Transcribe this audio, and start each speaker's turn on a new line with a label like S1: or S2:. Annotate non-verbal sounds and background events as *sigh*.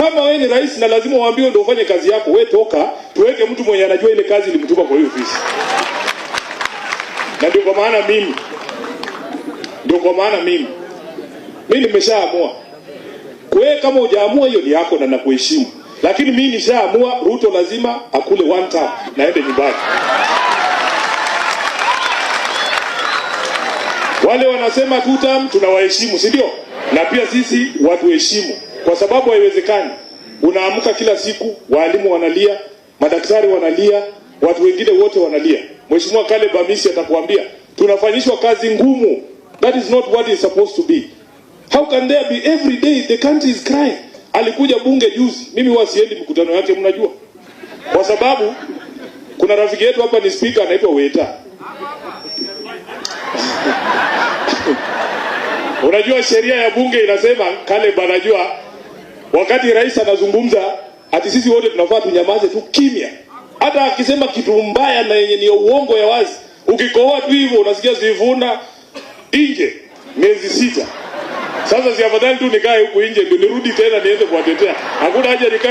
S1: Kama wewe ni rais na lazima uambiwe ndio ufanye kazi yako, wewe toka, tuweke mtu mwenye anajua ile kazi ilimtuma kwa hiyo ofisi. Na ndio kwa maana mimi ndio kwa maana mimi mimi nimeshaamua. Kwa hiyo kama hujaamua hiyo ni yako na nakuheshimu. Lakini mimi nishaamua Ruto lazima akule one time na aende nyumbani. Wale wanasema two time tunawaheshimu, si ndio? Na pia sisi watuheshimu kwa sababu haiwezekani. Unaamka kila siku, walimu wanalia, madaktari wanalia, watu wengine wote wanalia. Mheshimiwa Kale Bamisi atakuambia tunafanyishwa kazi ngumu. That is not what is supposed to be. How can there be every day the country is crying? Alikuja bunge juzi, mimi wasiendi mkutano yake, mnajua kwa sababu kuna rafiki yetu hapa ni speaker anaitwa Weta. *laughs* Unajua sheria ya bunge inasema Kale banajua Wakati rais anazungumza ati sisi wote tunafaa tunyamaze tu kimya, hata akisema kitu mbaya na yenye ni uongo ya wazi, ukikohoa tu hivyo unasikia zivuna nje miezi sita. Sasa si afadhali tu nikae huku nje ndio nirudi tena niende kuwatetea? Hakuna haja nikae